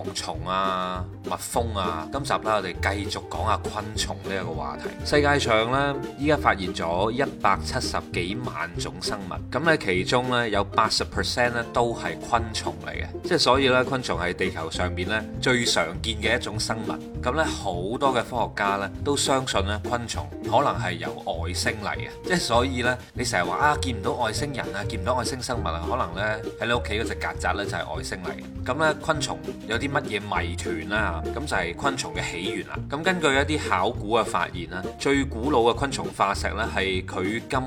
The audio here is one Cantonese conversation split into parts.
蝗蟲啊、蜜蜂啊，今集咧我哋繼續講下昆蟲呢一個話題。世界上咧依家發現咗一百七十幾萬種生物，咁咧其中咧有八十 percent 咧都係昆蟲嚟嘅，即係所以咧昆蟲係地球上面咧最常見嘅一種生物。咁咧好多嘅科學家咧都相信咧昆蟲可能係由外星嚟嘅，即係所以咧你成日話啊見唔到外星人啊，見唔到外星生物啊，可能咧喺你屋企嗰隻曱甴咧就係外星嚟。咁咧昆蟲有。啲乜嘢謎團啦，咁就係昆蟲嘅起源啦。咁根據一啲考古嘅發現啦，最古老嘅昆蟲化石呢，係距今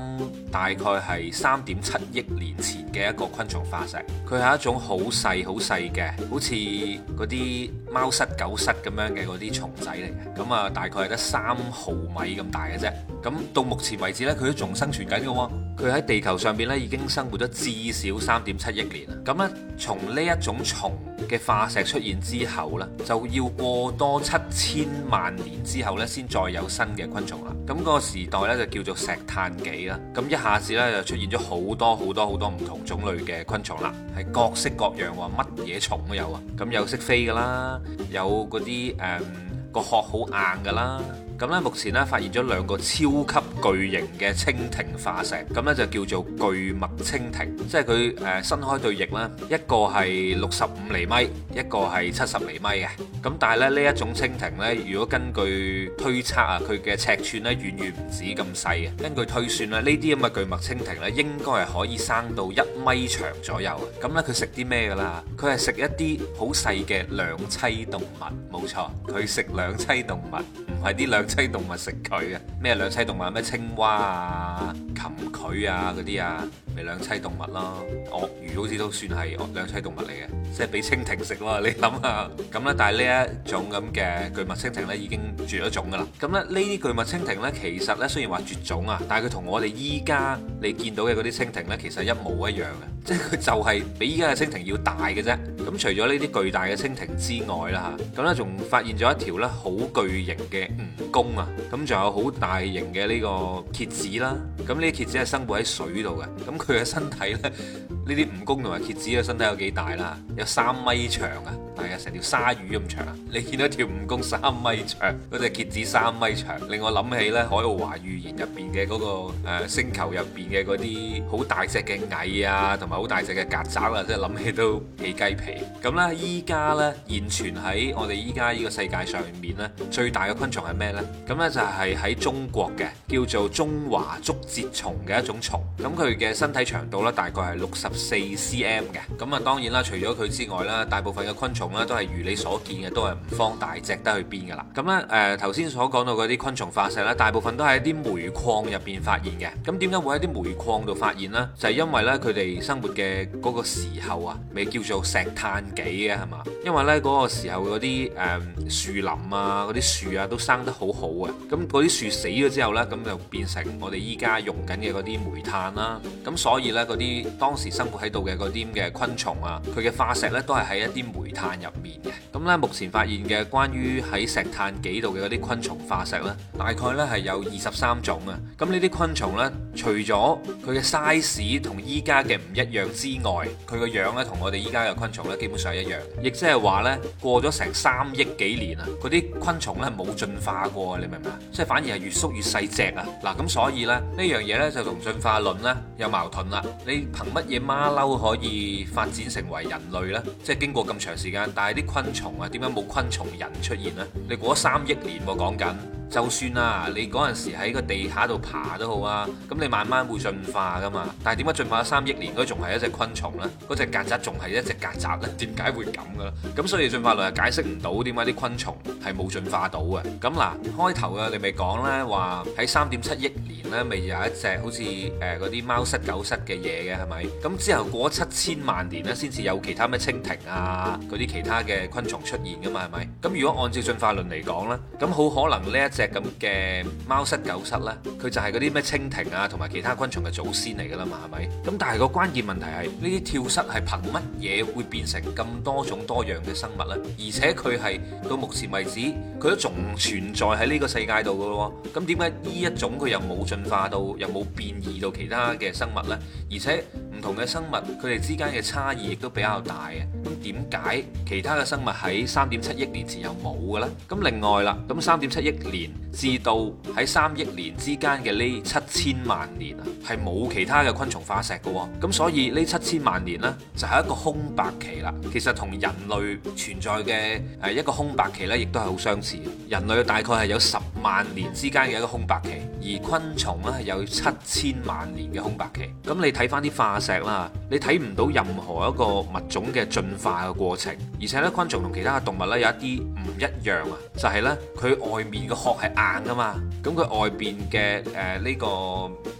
大概係三點七億年前嘅一個昆蟲化石。佢係一種好細好細嘅，好似嗰啲貓虱狗虱咁樣嘅嗰啲蟲仔嚟嘅。咁啊，大概係得三毫米咁大嘅啫。咁到目前為止呢，佢都仲生存緊嘅。佢喺地球上邊咧，已經生活咗至少三點七億年啦。咁咧，從呢一種蟲嘅化石出現之後呢，就要過多七千萬年之後呢先再有新嘅昆蟲啦。咁個時代呢，就叫做石炭紀啦。咁一下子呢，就出現咗好多好多好多唔同種類嘅昆蟲啦，係各式各樣喎，乜嘢蟲都有啊。咁有識飛噶啦，有嗰啲誒個殼好硬噶啦。咁咧，目前咧發現咗兩個超級巨型嘅蜻蜓化石，咁咧就叫做巨脈蜻蜓，即係佢誒伸開對翼啦，一個係六十五釐米，一個係七十釐米嘅。咁但係咧呢一種蜻蜓咧，如果根據推測啊，佢嘅尺寸咧遠遠唔止咁細啊。根據推算啦，呢啲咁嘅巨脈蜻蜓咧，應該係可以生到一米長左右。咁咧佢食啲咩㗎啦？佢係食一啲好細嘅兩棲動物，冇錯，佢食兩棲動物，唔係啲兩。兩棲動物食佢啊？咩兩棲動物？咩青蛙啊、蠄蟝啊嗰啲啊，咪、啊、兩棲動物咯？鱷魚好似都算係兩棲動物嚟嘅，即係俾蜻蜓食咯。你諗下咁咧，但係呢一種咁嘅巨物蜻蜓咧，已經絕咗種噶啦。咁咧呢啲巨物蜻蜓咧，其實咧雖然話絕種啊，但係佢同我哋依家你見到嘅嗰啲蜻蜓咧，其實一模一樣嘅，即係佢就係比依家嘅蜻蜓要大嘅啫。咁除咗呢啲巨大嘅蜻蜓之外啦，吓咁咧仲發現咗一條咧好巨型嘅嗯。蜈蚣啊，咁仲有好大型嘅呢個蠍子啦，咁呢啲蠍子係生活喺水度嘅，咁佢嘅身體呢，呢啲蜈蚣同埋蠍子嘅身體有幾大啦？有三米長啊，大概成條鯊魚咁長。你見到條蜈蚣三米長，嗰隻蠍子三米長，令我諗起咧《海奧華預言》入邊嘅嗰個誒星球入邊嘅嗰啲好大隻嘅蟻啊，同埋好大隻嘅曱甴啊，即係諗起都幾雞皮。咁呢，依家呢，現存喺我哋依家呢個世界上面呢，最大嘅昆蟲係咩呢？咁咧就係喺中國嘅，叫做中華竹節蟲嘅一種蟲。咁佢嘅身體長度呢，大概係六十四 cm 嘅。咁啊，當然啦，除咗佢之外啦，大部分嘅昆蟲呢，都係如你所見嘅，都係唔方大隻得去邊噶啦。咁呢，誒頭先所講到嗰啲昆蟲化石呢，大部分都係一啲煤礦入邊發現嘅。咁點解會喺啲煤礦度發現呢？就係、是、因為呢，佢哋生活嘅嗰個時候啊，未叫做石炭紀嘅係嘛。因為呢，嗰、嗰個時候嗰啲誒樹林啊，嗰啲樹啊都生得好。好啊，咁嗰啲樹死咗之後呢，咁就變成我哋依家用緊嘅嗰啲煤炭啦。咁所以呢，嗰啲當時生活喺度嘅嗰啲嘅昆蟲啊，佢嘅化石呢都係喺一啲煤炭入面嘅。咁呢，目前發現嘅關於喺石炭紀度嘅嗰啲昆蟲化石呢，大概呢係有二十三種啊。咁呢啲昆蟲呢，除咗佢嘅 size 同依家嘅唔一樣之外，佢個樣呢同我哋依家嘅昆蟲呢基本上一樣。亦即係話呢，過咗成三億幾年啊，嗰啲昆蟲呢冇進化過。你明唔明啊？即係反而係越縮越細隻啊！嗱，咁所以呢，呢樣嘢呢，就同進化論呢有矛盾啦。你憑乜嘢馬騮可以發展成為人類呢？即係經過咁長時間，但係啲昆蟲啊，點解冇昆蟲人出現呢？你過咗三億年、啊，講緊。就算啦，你嗰陣時喺個地下度爬都好啊，咁你慢慢會進化噶嘛。但係點解進化咗三億年嗰，仲係一隻昆蟲咧？嗰隻曱甴仲係一隻曱甴咧？點解會咁噶？咁所以進化論係解釋唔到點解啲昆蟲係冇進化到嘅。咁嗱，開頭啊，你咪講咧話喺三點七億年咧，咪有一隻好似誒嗰啲貓蝨狗蝨嘅嘢嘅係咪？咁之後過咗七千萬年咧，先至有其他咩蜻蜓啊，嗰啲其他嘅昆蟲出現噶嘛係咪？咁如果按照進化論嚟講咧，咁好可能呢一隻咁嘅貓蝨狗蝨咧，佢就係嗰啲咩蜻蜓啊，同埋其他昆蟲嘅祖先嚟噶啦嘛，係咪？咁但係個關鍵問題係，呢啲跳蝨係憑乜嘢會變成咁多種多樣嘅生物呢？而且佢係到目前為止，佢都仲存在喺呢個世界度噶喎。咁點解呢一種佢又冇進化到，又冇變異到其他嘅生物呢？而且唔同嘅生物，佢哋之間嘅差異亦都比較大嘅。咁點解其他嘅生物喺三點七億年前又冇嘅呢？咁另外啦，咁三點七億年至到喺三億年之間嘅呢七千萬年係冇其他嘅昆蟲化石嘅喎。咁所以呢七千萬年呢，就係一個空白期啦。其實同人類存在嘅誒一個空白期呢，亦都係好相似。人類大概係有十萬年之間嘅一個空白期。而昆蟲咧，係有七千萬年嘅空白期，咁你睇翻啲化石啦，你睇唔到任何一個物種嘅進化嘅過程。而且咧昆蟲同其他嘅動物咧有一啲唔一樣啊，就係咧佢外面嘅殼係硬噶嘛，咁佢外邊嘅誒呢個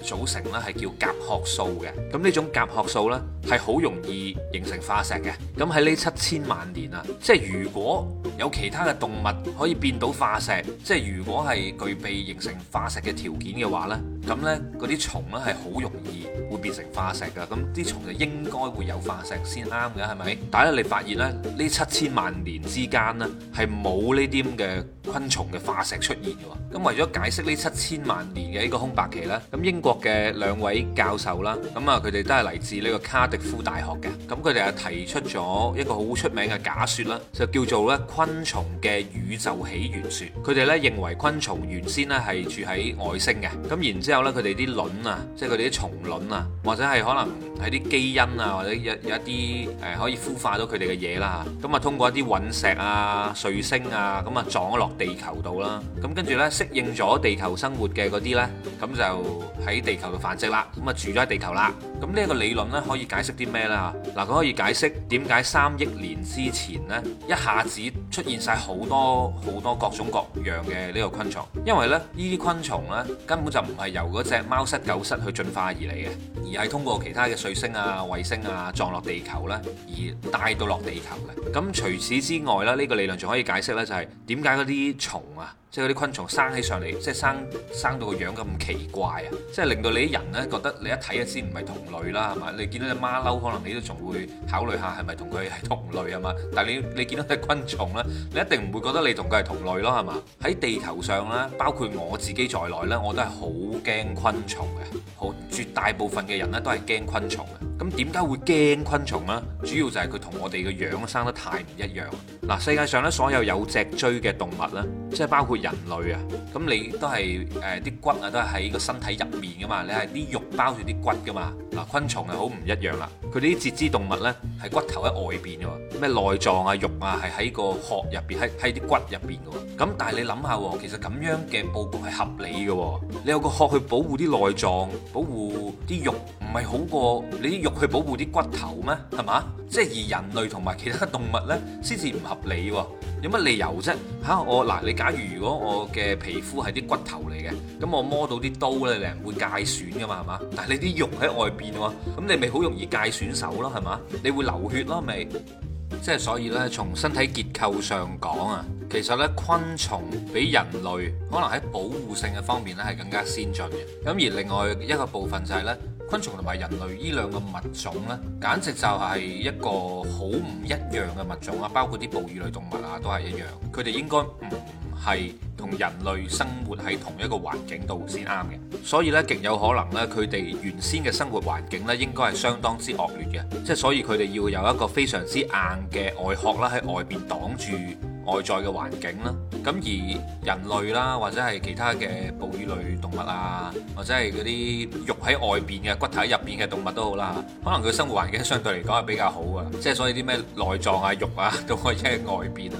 組成咧，係叫甲殼素嘅，咁呢種甲殼素咧，係好容易形成化石嘅。咁喺呢七千萬年啊，即係如果有其他嘅動物可以變到化石，即係如果係具備形成化石嘅條件。件嘅話咧，咁咧嗰啲蟲咧係好容易會變成化石噶，咁啲蟲就應該會有化石先啱嘅，係咪？但係咧，你發現咧呢七千萬年之間咧係冇呢啲嘅。昆蟲嘅化石出現喎，咁為咗解釋呢七千萬年嘅一個空白期咧，咁英國嘅兩位教授啦，咁啊佢哋都係嚟自呢個卡迪夫大學嘅，咁佢哋啊提出咗一個好出名嘅假説啦，就叫做咧昆蟲嘅宇宙起源説。佢哋咧認為昆蟲原先咧係住喺外星嘅，咁然之後咧佢哋啲卵啊，即係佢哋啲蟲卵啊，或者係可能係啲基因啊，或者有一啲誒可以孵化到佢哋嘅嘢啦，咁啊通過一啲隕石啊、彗星啊，咁啊撞落地球度啦，咁跟住呢，適應咗地球生活嘅嗰啲呢，咁就喺地球度繁殖啦，咁啊住咗喺地球啦。咁呢個理論咧，可以解釋啲咩咧？嗱，佢可以解釋點解三億年之前咧，一下子出現晒好多好多各種各樣嘅呢個昆蟲，因為咧呢啲昆蟲咧根本就唔係由嗰隻貓虱狗虱去進化而嚟嘅，而係通過其他嘅彗星啊、衛星啊撞落地球咧而帶到落地球嘅。咁除此之外咧，呢個理論仲可以解釋咧，就係點解嗰啲蟲啊。即係嗰啲昆蟲生起上嚟，即係生生到個樣咁奇怪啊！即係令到你啲人呢覺得你一睇就知唔係同類啦，係嘛？你見到隻馬騮，可能你都仲會考慮下係咪同佢係同類啊嘛？但係你你見到隻昆蟲呢，你一定唔會覺得你同佢係同類咯，係嘛？喺地球上咧，包括我自己在內呢，我都係好驚昆蟲嘅，好絕大部分嘅人呢都係驚昆蟲嘅。咁點解會驚昆蟲呢？主要就係佢同我哋嘅樣生得太唔一樣。嗱，世界上呢，所有有脊椎嘅動物呢，即係包括。人類啊，咁你都係誒啲骨啊，都係喺個身體入面噶嘛，你係啲肉包住啲骨噶嘛。嗱，昆蟲係好唔一樣啦，佢哋啲節肢動物咧係骨頭喺外邊喎，咩內臟啊、肉啊係喺個殼入邊，喺喺啲骨入邊嘅喎。咁但係你諗下，其實咁樣嘅佈局係合理嘅喎，你有個殼去保護啲內臟，保護啲肉，唔係好過你啲肉去保護啲骨頭咩？係嘛？即係而人類同埋其他動物咧，先至唔合理喎。有乜理由啫？嚇、啊、我嗱，你假如如果我嘅皮膚係啲骨頭嚟嘅，咁我摸到啲刀呢，你唔會介損噶嘛，係嘛？但係你啲肉喺外邊喎，咁你咪好容易介損手咯，係嘛？你會流血咯，咪即係所以呢，從身體結構上講啊，其實呢，昆蟲比人類可能喺保護性嘅方面呢係更加先進嘅。咁而另外一個部分就係、是、呢。昆蟲同埋人類呢兩個物種呢，簡直就係一個好唔一樣嘅物種啊！包括啲哺乳類動物啊，都係一樣。佢哋應該唔係同人類生活喺同一個環境度先啱嘅，所以呢，極有可能呢，佢哋原先嘅生活環境呢，應該係相當之惡劣嘅，即係所以佢哋要有一個非常之硬嘅外殼啦，喺外邊擋住。外在嘅環境啦，咁而人類啦，或者係其他嘅哺乳類動物啊，或者係嗰啲肉喺外邊嘅骨體入邊嘅動物都好啦，可能佢生活環境相對嚟講係比較好啊，即係所以啲咩內臟啊、肉啊都可以喺外邊啊，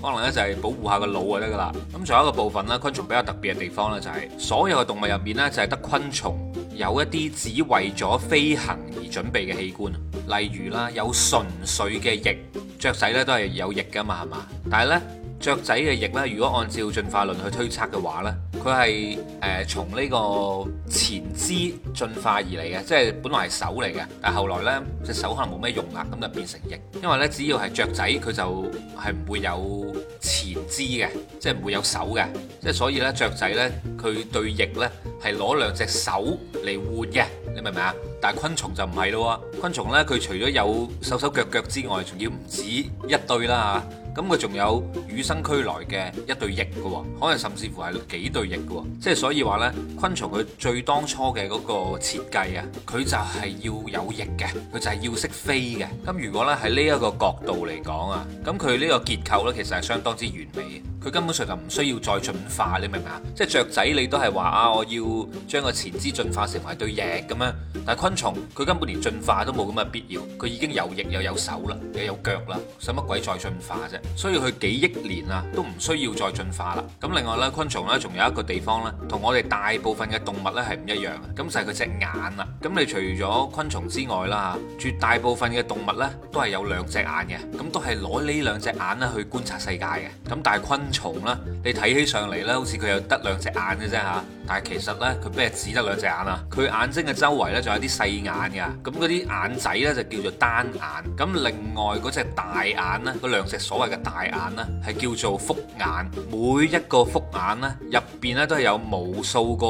可能咧就係保護下個腦就得噶啦。咁仲有一個部分啦，昆蟲比較特別嘅地方咧，就係所有嘅動物入面咧，就係得昆蟲。有一啲只為咗飛行而準備嘅器官，例如啦，有純粹嘅翼，雀仔咧都係有翼噶嘛，係嘛？但係呢。雀仔嘅翼呢，如果按照進化論去推測嘅話呢，佢係誒從呢個前肢進化而嚟嘅，即係本來係手嚟嘅，但係後來呢隻手可能冇咩用啦，咁就變成翼。因為呢，只要係雀仔，佢就係唔會有前肢嘅，即係唔會有手嘅，即係所以呢，雀仔呢，佢對翼呢係攞兩隻手嚟換嘅，你明唔明啊？但係昆蟲就唔係咯，昆蟲呢，佢除咗有手手腳腳之外，仲要唔止一對啦。咁佢仲有與生俱來嘅一對翼㗎喎，可能甚至乎係幾對翼㗎喎，即係所以話呢，昆蟲佢最當初嘅嗰個設計啊，佢就係要有翼嘅，佢就係要識飛嘅。咁如果咧，喺呢一個角度嚟講啊，咁佢呢個結構呢，其實係相當之完美，佢根本上就唔需要再進化，你明唔明啊？即係雀仔你都係話啊，我要將個前肢進化成為對翼噉樣。但係昆蟲佢根本連進化都冇咁嘅必要，佢已經有翼又有手啦，又有腳啦，使乜鬼再進化啫？所以佢幾億年啊，都唔需要再進化啦。咁另外呢，昆蟲呢仲有一個地方呢，同我哋大部分嘅動物呢係唔一樣嘅。咁就係佢隻眼啦。咁你除咗昆蟲之外啦，絕大部分嘅動物呢都係有兩隻眼嘅，咁都係攞呢兩隻眼呢去觀察世界嘅。咁但係昆蟲呢，你睇起上嚟呢，好似佢有得兩隻眼嘅啫嚇。但係其實呢，佢並唔係只得兩隻眼啊！佢眼睛嘅周圍呢，仲有啲細眼㗎。咁嗰啲眼仔呢，就叫做單眼。咁另外嗰隻大眼呢，嗰兩隻所謂嘅大眼呢，係叫做複眼。每一個複眼呢，入邊呢，都係有無數個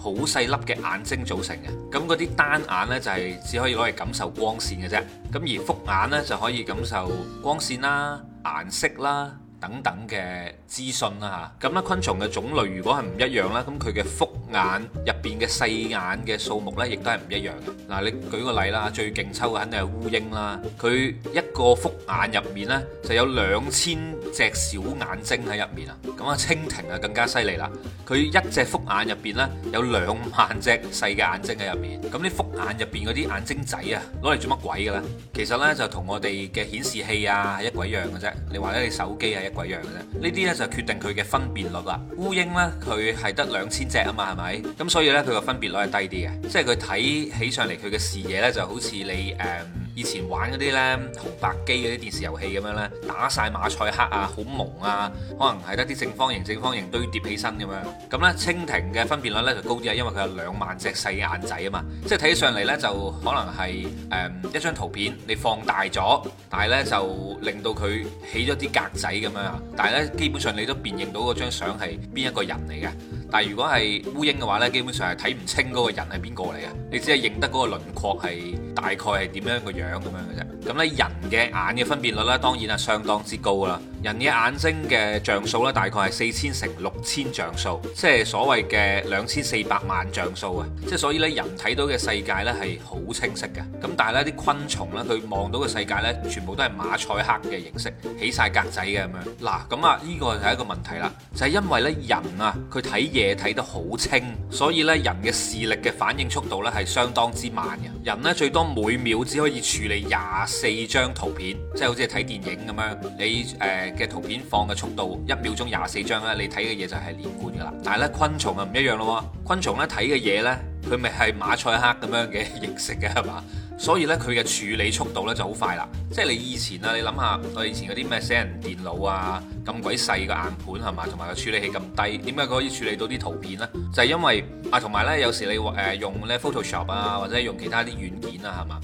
好細粒嘅眼睛組成嘅。咁嗰啲單眼呢，就係、是、只可以攞嚟感受光線嘅啫。咁而複眼呢，就可以感受光線啦、顏色啦。等等嘅資訊啦吓，咁咧昆蟲嘅種類如果係唔一樣啦，咁佢嘅複眼入邊嘅細眼嘅數目咧，亦都係唔一樣。嗱，你舉個例啦，最勁抽嘅肯定係烏蠅啦，佢一個複眼入面呢，就有兩千隻小眼睛喺入面啊！咁啊，蜻蜓啊更加犀利啦，佢一隻複眼入邊呢，有兩萬隻細嘅眼睛喺入面。咁啲複眼入邊嗰啲眼睛仔啊，攞嚟做乜鬼嘅咧？其實呢，就同我哋嘅顯示器啊係一鬼樣嘅啫。你話咧，你手機係一鬼樣嘅啫。呢啲呢就決定佢嘅分辨率，啦。烏蠅呢，佢係得兩千隻啊嘛，係咪？咁所以呢，佢個分辨率係低啲嘅，即係佢睇起上嚟佢嘅視野呢就好似你誒。嗯以前玩嗰啲咧紅白機嗰啲電視遊戲咁樣咧，打晒馬賽克啊，好蒙啊，可能係得啲正方形、正方形堆疊起身咁樣，咁咧蜻蜓嘅分辨率咧就高啲啊，因為佢有兩萬隻細嘅眼仔啊嘛，即係睇上嚟咧就可能係誒、嗯、一張圖片你放大咗，但係咧就令到佢起咗啲格仔咁樣啊。但係咧基本上你都辨認到張相係邊一個人嚟嘅。但係如果係烏蠅嘅話咧，基本上係睇唔清個人係邊個嚟嘅，你只係認得個輪廓係大概係點樣個樣。咁樣嘅啫，咁咧人嘅眼嘅分辨率咧，當然係相當之高啦。人嘅眼睛嘅像素咧，大概係四千乘六千像素，即係所謂嘅兩千四百萬像素啊！即係所以咧，人睇到嘅世界咧係好清晰嘅。咁但係咧，啲昆蟲咧佢望到嘅世界咧，全部都係馬賽克嘅形式，起晒格仔嘅咁樣。嗱，咁啊，呢個就係一個問題啦，就係因為咧人啊，佢睇嘢睇得好清，所以咧人嘅視力嘅反應速度咧係相當之慢嘅。人咧最多每秒只可以處理廿四張圖片，即係好似睇電影咁樣，你誒。呃嘅圖片放嘅速度一秒鐘廿四張啦，你睇嘅嘢就係連貫噶啦。但係咧昆蟲啊唔一樣咯，昆蟲咧睇嘅嘢咧，佢咪係馬賽克咁樣嘅形式嘅係嘛？所以咧佢嘅處理速度咧就好快啦。即係你以前，你想想以前啊，你諗下我以前嗰啲咩手提電腦啊，咁鬼細個，硬盤係嘛，同埋個處理器咁低，點解佢可以處理到啲圖片咧？就係、是、因為啊，同埋咧有時你誒、呃、用咧 Photoshop 啊，或者用其他啲軟件啊係嘛？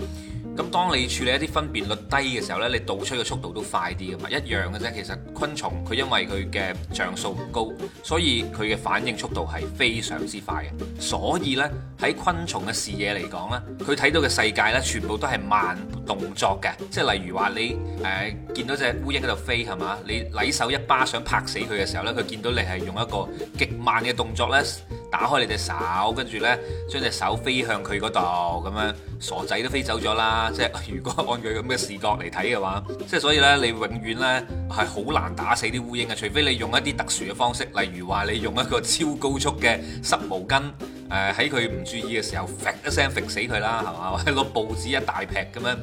咁當你處理一啲分辨率低嘅時候呢，你導出嘅速度都快啲噶嘛，一樣嘅啫。其實昆蟲佢因為佢嘅像素唔高，所以佢嘅反應速度係非常之快嘅。所以呢，喺昆蟲嘅視野嚟講呢，佢睇到嘅世界呢，全部都係慢動作嘅。即係例如話你誒、呃、見到隻烏蠅喺度飛係嘛，你攆手一巴想拍死佢嘅時候呢，佢見到你係用一個極慢嘅動作呢。打開你隻手，跟住呢將隻手飛向佢嗰度，咁樣傻仔都飛走咗啦。即係如果按佢咁嘅視覺嚟睇嘅話，即係所以呢，你永遠呢係好難打死啲烏蠅嘅，除非你用一啲特殊嘅方式，例如話你用一個超高速嘅濕毛巾，誒喺佢唔注意嘅時候，揈一聲揈死佢啦，係嘛？或者攞報紙一大劈咁樣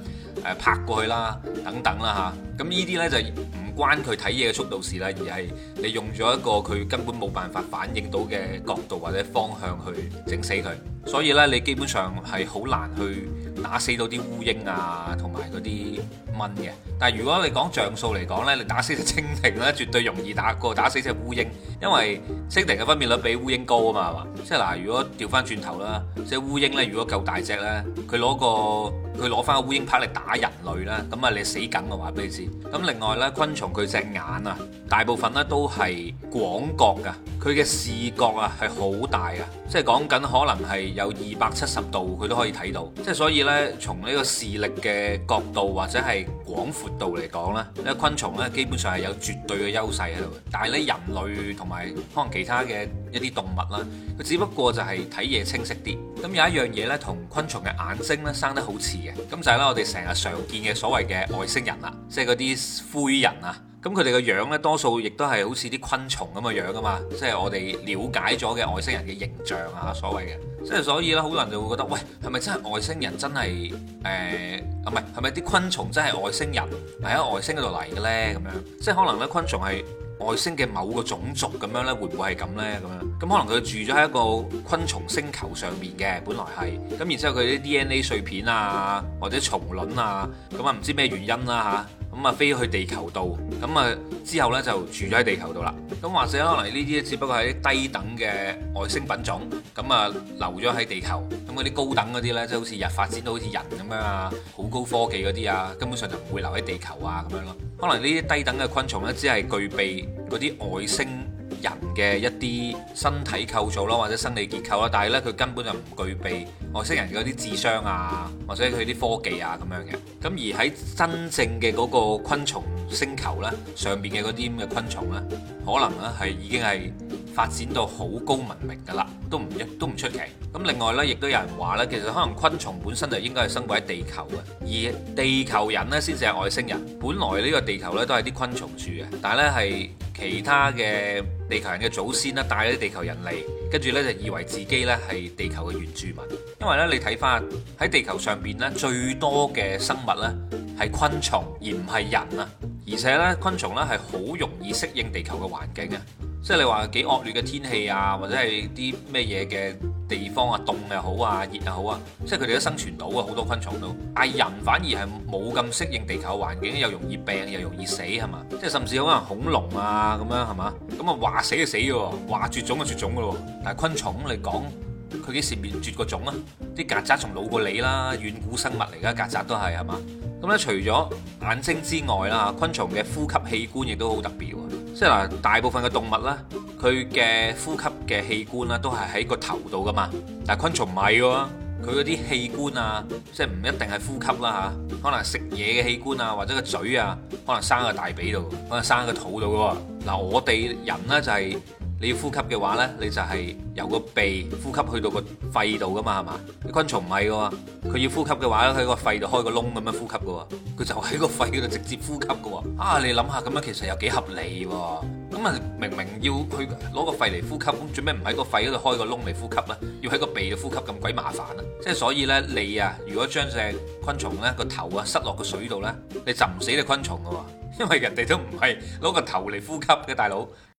誒拍、呃、過去啦，等等啦吓，咁呢啲呢就。關佢睇嘢嘅速度事啦，而係你用咗一個佢根本冇辦法反應到嘅角度或者方向去整死佢，所以呢，你基本上係好難去打死到啲烏蠅啊，同埋嗰啲蚊嘅。但係如果你講像素嚟講呢，你打死隻蜻蜓呢，絕對容易打過打死隻烏蠅，因為蜻蜓嘅分辨率比烏蠅高啊嘛，係嘛？即係嗱，如果調翻轉頭啦，即係烏蠅咧，如果夠大隻呢，佢攞個佢攞翻個烏蠅拍嚟打人類啦，咁啊你死梗嘅話俾你知。咁另外呢，昆蟲佢隻眼啊，大部分呢都係廣角㗎，佢嘅視覺啊係好大啊，即係講緊可能係有二百七十度佢都可以睇到，即係所以咧。從呢個視力嘅角度或者係廣闊度嚟講咧，呢個昆蟲咧基本上係有絕對嘅優勢喺度。但係咧，人類同埋可能其他嘅一啲動物啦，佢只不過就係睇嘢清晰啲。咁有一樣嘢咧，同昆蟲嘅眼睛咧生得好似嘅，咁就係咧，我哋成日常見嘅所謂嘅外星人啦，即係嗰啲灰人啊。咁佢哋嘅樣呢，多數亦都係好似啲昆蟲咁嘅樣㗎嘛，即係我哋了解咗嘅外星人嘅形象啊，所謂嘅。即係所以呢，好多人就會覺得，「喂，係咪真係外星人真係誒？唔、呃、係，係咪啲昆蟲真係外星人喺外星嗰度嚟嘅呢？」咁樣，即係可能呢，昆蟲係外星嘅某個種族咁樣呢，會唔會係咁呢？咁樣，咁可能佢住咗喺一個昆蟲星球上面嘅，本來係，咁然之後佢啲 DNA 碎片啊，或者蟲卵啊，咁啊唔知咩原因啦、啊、嚇。咁啊，飛去地球度，咁啊之後呢就住咗喺地球度啦。咁或者可能呢啲只不過係啲低等嘅外星品種，咁啊留咗喺地球。咁嗰啲高等嗰啲呢，即係好似日發展到好似人咁樣啊，好高科技嗰啲啊，根本上就唔會留喺地球啊咁樣咯。可能呢啲低等嘅昆蟲呢，只係具備嗰啲外星人嘅一啲身體構造啦，或者生理結構啦，但係呢，佢根本就唔具備外星人嗰啲智商啊，或者佢啲科技啊咁樣嘅。咁而喺真正嘅嗰個昆蟲星球呢，上邊嘅嗰啲咁嘅昆蟲呢，可能呢係已經係。發展到好高文明嘅啦，都唔，亦都唔出奇。咁另外呢，亦都有人話呢，其實可能昆蟲本身就應該係生活喺地球嘅，而地球人呢，先至係外星人。本來呢個地球呢，都係啲昆蟲住嘅，但係呢係其他嘅地球人嘅祖先呢帶咗啲地球人嚟，跟住呢，就以為自己呢係地球嘅原住民。因為呢，你睇返喺地球上邊呢，最多嘅生物呢係昆蟲而唔係人啊。而且咧，昆蟲咧係好容易適應地球嘅環境嘅，即係你話幾惡劣嘅天氣啊，或者係啲咩嘢嘅地方啊，凍又好啊，熱又好啊，即係佢哋都生存到啊。好多昆蟲都。但係人反而係冇咁適應地球環境，又容易病，又容易死，係嘛？即係甚至可能恐龍啊咁樣，係嘛？咁啊話死就死嘅喎，話絕種就絕種嘅咯。但係昆蟲嚟講，佢幾時滅絕個種啊？啲曱甴仲老過你啦，遠古生物嚟噶曱甴，都係係嘛？咁咧除咗眼睛之外啦，昆蟲嘅呼吸器官亦都好特別喎。即係嗱，大部分嘅動物啦，佢嘅呼吸嘅器官咧都係喺個頭度噶嘛。但昆蟲唔係喎，佢嗰啲器官啊，即係唔一定係呼吸啦嚇，可能食嘢嘅器官啊，或者個嘴啊，可能生喺個大髀度，可能生喺個肚度嘅。嗱，我哋人呢就係、是。你要呼吸嘅話呢，你就係由個鼻呼吸去到個肺度噶嘛，係嘛？你昆蟲唔係噶，佢要呼吸嘅話喺個肺度開個窿咁樣呼吸噶，佢就喺個肺嗰度直接呼吸噶。啊，你諗下咁樣，其實又幾合理喎？咁、嗯、啊，明明要佢攞個肺嚟呼吸，咁做咩唔喺個肺嗰度開個窿嚟呼吸咧？要喺個鼻度呼吸咁鬼麻煩啊！即係所以呢，你啊，如果將隻昆蟲呢個頭啊塞落個水度呢，你浸唔死隻昆蟲噶，因為人哋都唔係攞個頭嚟呼吸嘅，大佬。